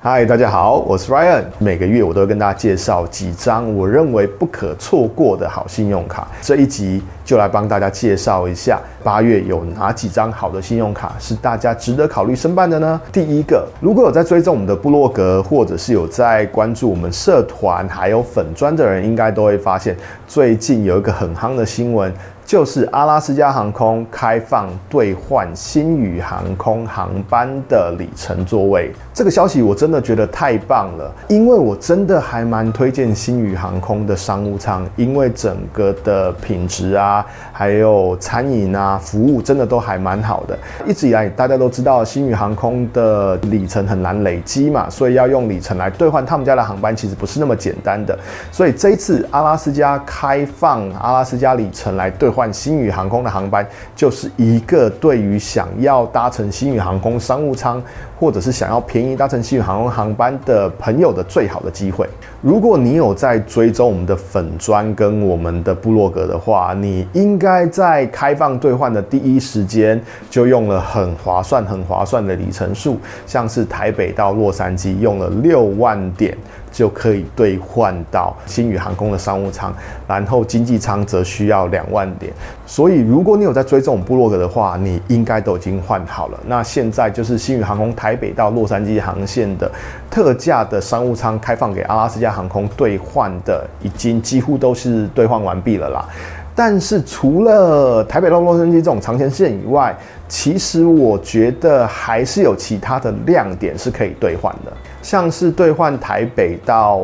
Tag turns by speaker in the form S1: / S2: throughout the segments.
S1: 嗨，大家好，我是 Ryan。每個月我都會跟大家介紹幾張我認為不可錯過的好信用卡。這一集就來幫大家介紹一下，八月有哪幾張好的信用卡是大家值得考慮申辦的呢？第一個，如果有在追蹤我們的部落格，或者是有在關注我們社團還有粉專的人，應該都會發現最近有一個很夯的新聞。就是阿拉斯加航空開放兌換星宇航空航班的里程座位，這個消息我真的覺得太棒了，因為我真的還蠻推薦星宇航空的商務艙，因為整個的品質啊，還有餐飲啊，服務真的都還蠻好的。一直以來大家都知道星宇航空的里程很難累積嘛，所以要用里程來兌換他們家的航班其實不是那麼簡單的，所以這一次阿拉斯加開放阿拉斯加里程來兌換。換星宇航空的航班，就是一個對於想要搭乘星宇航空商務艙，或者是想要便宜搭乘星宇航空航班的朋友的最好的機會。如果你有在追蹤我們的粉專跟我們的部落格的話，你應該在開放兌換的第一時間就用了很划算、很划算的里程數，像是台北到洛杉磯用了六萬點。就可以兌換到星宇航空的商務艙，然後經濟艙則需要兩萬點。所以，如果你有在追這種部落格的話，你應該都已經換好了。那現在就是星宇航空台北到洛杉磯航線的特價的商務艙，開放給阿拉斯加航空兌換的，已經幾乎都是兌換完畢了啦。但是，除了台北到洛杉磯這種長航線以外，其實我覺得還是有其他的亮點是可以兌換的。像是兌換台北到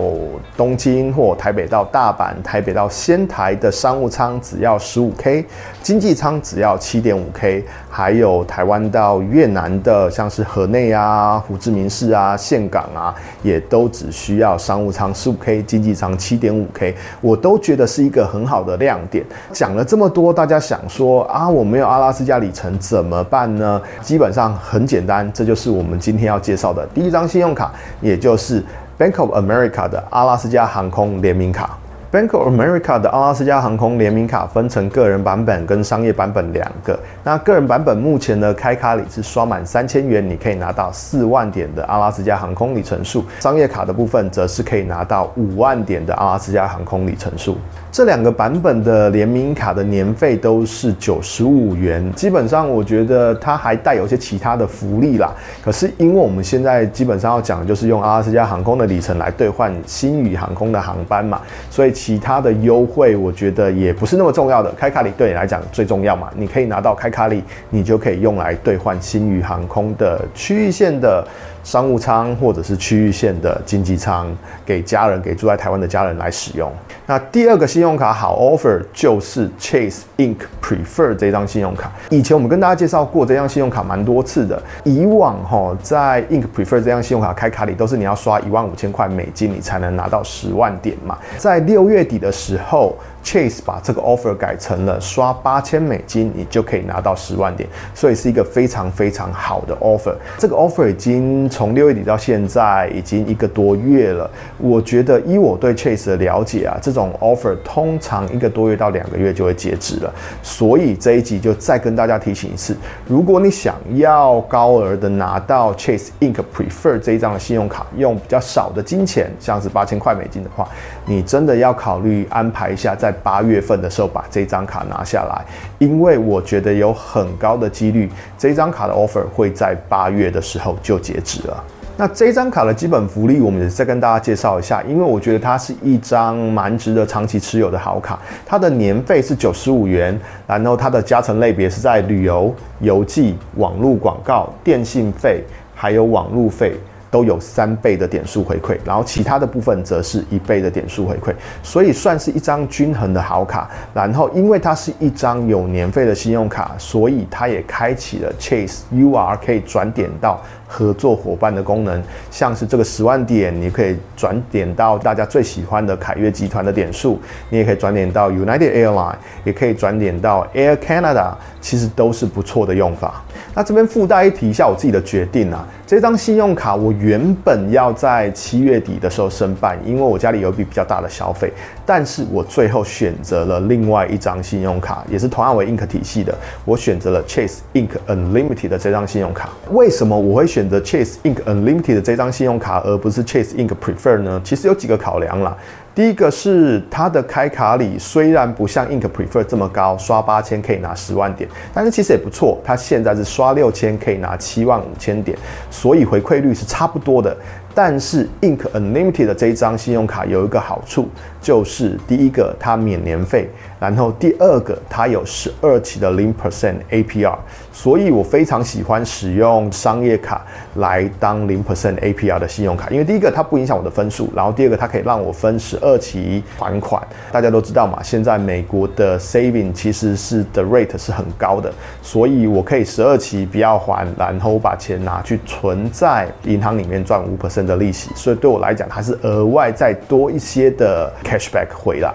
S1: 東京或台北到大阪、台北到仙台的商務艙只要 15K，經濟艙只要 7.5K，還有臺灣到越南的，像是河內啊、胡志明市啊、峴港啊，也都只需要商務艙 15K，經濟艙 7.5K，我都覺得是一個很好的亮點。講了這麼多，大家想說啊，我沒有阿拉斯加里程怎麼辦呢？基本上很簡單，這就是我們今天要介紹的第一張信用卡。也就是 Bank of America 的阿拉斯加航空聯名卡。Bank of America 的阿拉斯加航空聯名卡分成個人版本跟商業版本兩個。那個人版本目前呢，開卡禮是刷滿三千元，你可以拿到四萬點的阿拉斯加航空里程數。商業卡的部分則是可以拿到五萬點的阿拉斯加航空里程數。這兩個版本的聯名卡的年費都是九十五元。基本上我覺得它還帶有些其他的福利啦。可是因為我們現在基本上要講的就是用阿拉斯加航空的里程來兌換星宇航空的航班嘛，所以。其他的優惠，我覺得也不是那麼重要的。開卡禮對你來講最重要嘛，你可以拿到開卡禮，你就可以用來兌換星宇航空的區域線的商務艙或者是區域線的經濟艙，給家人給住在臺灣的家人來使用。那第二個信用卡好 offer 就是 Chase Ink Preferred 這張信用卡。以前我們跟大家介紹過這張信用卡蠻多次的。以往齁在 Ink Preferred 這張信用卡開卡禮都是你要刷一萬五千塊美金，你才能拿到十萬點嘛。在六月底的時候。Chase 把這個 offer 改成了刷八千美金，你就可以拿到十萬點，所以是一個非常非常好的 offer。這個 offer 已經從六月底到現在已經一個多月了。我覺得依我對 Chase 的了解啊，這種 offer 通常一個多月到兩個月就會截止了。所以這一集就再跟大家提醒一次：如果你想要高額的拿到 Chase Ink Preferred 這一張的信用卡，用比較少的金錢，像是八千塊美金的話，你真的要考慮安排一下在。在八月份的時候把這張卡拿下來，因為我覺得有很高的幾率，這張卡的 offer 會在八月的時候就截止了。那這張卡的基本福利我們也再跟大家介紹一下，因為我覺得它是一張蠻值得長期持有的好卡。它的年費是九十五元，然後它的加成類別是在旅遊、郵寄、網絡廣告、電信費，還有網絡費。都有三倍的點數回饋，然後其他的部分則是一倍的點數回饋，所以算是一張均衡的好卡。然後，因為它是一張有年費的信用卡，所以它也開啟了 Chase UR 可以轉點到合作夥伴的功能，像是這個十萬點，你可以轉點到大家最喜歡的凱悅集團的點數，你也可以轉點到 United Airlines，也可以轉點到 Air Canada，其實都是不錯的用法。那這邊附帶一提一下我自己的決定啊，這張信用卡我，原本要在七月底的時候申辦，因為我家裡有一筆比較大的消費，但是我最後選擇了另外一張信用卡，也是同樣為 Ink 體系的，我選擇了 Chase Ink Unlimited 的這張信用卡。為什麼我會選擇 Chase Ink Unlimited 的這張信用卡，而不是 Chase Ink Preferred 呢？其實有幾個考量啦。第一個是它的開卡禮，雖然不像 Ink Preferred 這麼高，刷八千可以拿十萬點，但是其實也不錯。它現在是刷六千可以拿七萬五千點，所以回饋率是差不多的。但是 Ink Unlimited 的這張信用卡有一個好處，就是第一個它免年費，然後第二個它有十二期的零 percent APR，所以我非常喜歡使用商業卡來當零 percent APR 的信用卡，因為第一個它不影響我的分數，然後第二個它可以讓我分十二期還款。大家都知道嘛，現在美國的 saving 其實是 the rate 是很高的，所以我可以十二期不要還，然後把錢拿去存在銀行裡面賺五 percent。的利息，所以對我來講還是額外再多一些的 cashback 回來。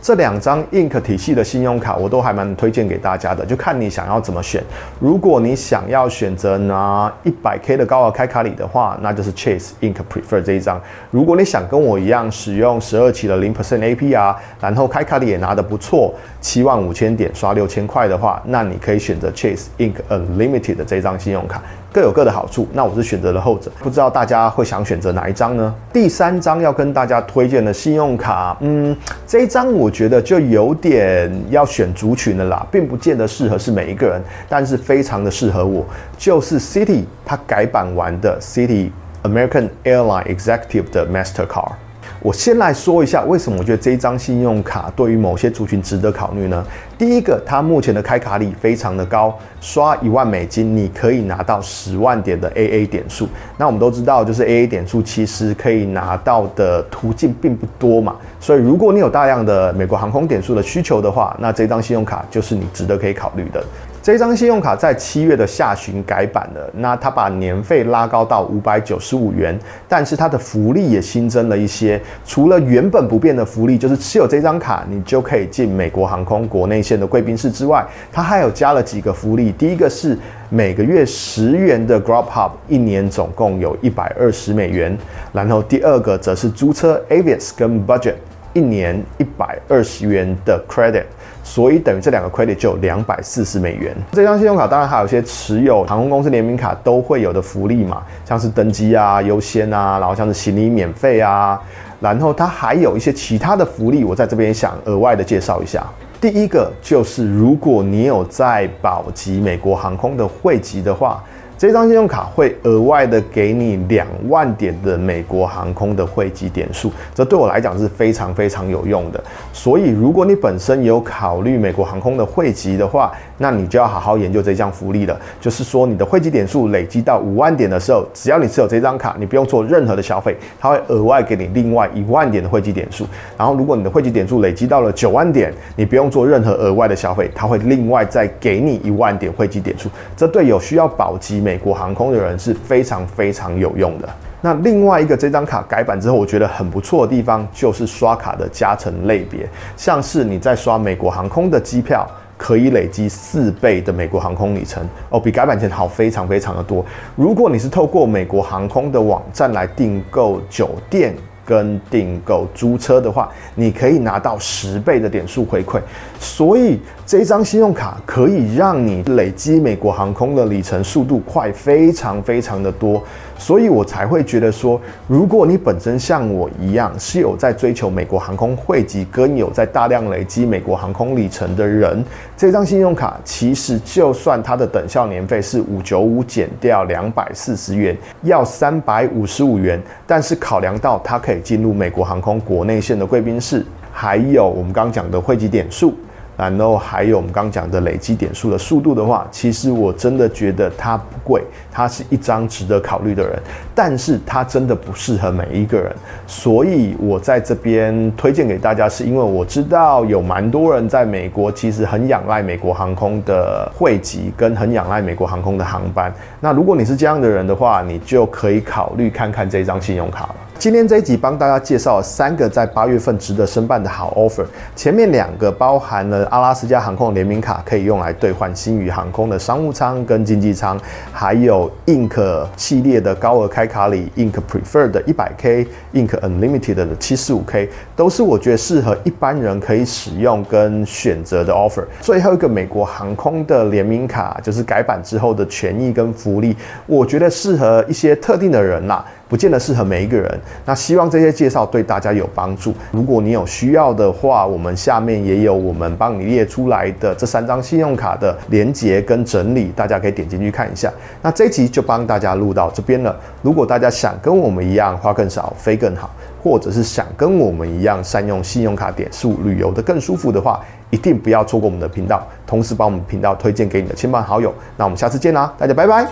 S1: 這兩張 Ink 體系的信用卡我都還蠻推薦給大家的，就看你想要怎麼選。如果你想要選擇拿 100k 的高額開卡禮的話，那就是 Chase Ink Preferred 這一張。如果你想跟我一樣使用十二期的零 percent AP 啊，然後開卡禮也拿得不錯，七萬五千點刷六千塊的話，那你可以選擇 Chase Ink Unlimited 的這張信用卡。各有各的好處，那我是選擇了後者，不知道大家會想選擇哪一張呢？第三張要跟大家推薦的信用卡，嗯，這一張我覺得就有點要選族群了啦，並不見得適合是每一個人，但是非常的適合我，就是 Citi 它改版完的 Citi American Airline Executive 的 Mastercard。我先來說一下，為什麼我覺得這張信用卡對於某些族群值得考慮呢？第一個，它目前的開卡禮非常的高，刷一萬美金你可以拿到十萬點的 AA 點數。那我們都知道，就是 AA 點數其實可以拿到的途徑並不多嘛。所以如果你有大量的美國航空點數的需求的話，那這張信用卡就是你值得可以考慮的。這張信用卡在七月的下旬改版了，那它把年費拉高到五百九十五元，但是它的福利也新增了一些。除了原本不變的福利，就是持有這張卡你就可以進美國航空國內線的貴賓室之外，它還有加了幾個福利。第一個是每個月十元的 Grubhub，一年總共有一百二十美元。然後第二個則是租車 Avis 跟 Budget，一年一百二十元的 Credit。所以等於這兩個 credit 就有兩百四十美元。這張信用卡當然還有一些持有航空公司聯名卡都會有的福利嘛，像是登機啊、優先啊，然後像是行李免費啊，然後它還有一些其他的福利，我在這邊想額外的介紹一下。第一個就是如果你有在保級美國航空的會籍的話，這張信用卡會額外的給你兩萬點的美國航空的會籍點數，這對我來講是非常非常有用的。所以，如果你本身有考慮美國航空的會籍的話，那你就要好好研究這項福利了。就是說，你的匯集點數累積到五萬點的時候，只要你持有這張卡，你不用做任何的消費，它會額外給你另外一萬點的匯集點數。然後，如果你的匯集點數累積到了九萬點，你不用做任何額外的消費，它會另外再給你一萬點匯集點數。這對有需要保級美國航空的人是非常非常有用的。那另外一個這張卡改版之後，我覺得很不錯的地方就是刷卡的加成類別，像是你在刷美國航空的機票。可以累積四倍的美國航空里程哦，比改版前好非常非常的多。如果你是透過美國航空的網站來訂購酒店跟訂購租車的話，你可以拿到十倍的點數回饋。所以這張信用卡可以讓你累積美國航空的里程速度快，非常非常的多，所以我才會覺得說，如果你本身像我一樣是有在追求美國航空會籍，跟有在大量累積美國航空里程的人，這張信用卡其實就算它的等效年費是五九五減掉兩百四十元，要三百五十五元，但是考量到它可以進入美國航空國內線的貴賓室，還有我們剛剛講的會籍點數。然後還有我們剛剛講的累積點數的速度的話，其實我真的覺得它不貴，它是一張值得考慮的人，但是它真的不適合每一個人。所以我在這邊推薦給大家，是因為我知道有蠻多人在美國其實很仰賴美國航空的會籍跟很仰賴美國航空的航班。那如果你是這樣的人的話，你就可以考慮看看這張信用卡了。今天這一集幫大家介紹三個在八月份值得申辦的好 offer。前面兩個包含了阿拉斯加航空聯名卡，可以用來兌換星宇航空的商務艙跟經濟艙，還有 Ink 系列的高額開卡禮，Ink Preferred 的一百 K，Ink Unlimited 的七十五 K，都是我覺得適合一般人可以使用跟選擇的 offer。最後一個美國航空的聯名卡，就是改版之後的權益跟福利，我覺得適合一些特定的人啦、啊。不見得適合每一個人。那希望這些介紹對大家有幫助。如果你有需要的話，我們下面也有我們幫你列出來的這三張信用卡的連結跟整理，大家可以點進去看一下。那這一集就幫大家錄到這邊了。如果大家想跟我們一樣花更少飛更好，或者是想跟我們一樣善用信用卡點數旅遊得更舒服的話，一定不要錯過我們的頻道，同時把我們頻道推薦給你的親朋好友。那我們下次見啦，大家拜拜。